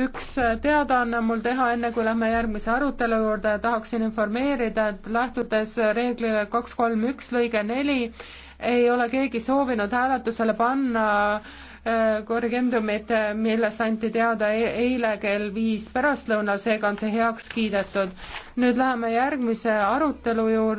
üks teadaanne on mul teha, enne kui lähme järgmise arutelu juurde, tahaksin informeerida, et lähtudes reeglile kaks kolm üks lõige neli ei ole keegi soovinud hääletusele panna äh, korrigendumid, millest anti teada e-, eile kell viis pärastlõunal, seega on see heaks kiidetud. nüüd läheme järgmise arutelu juurde.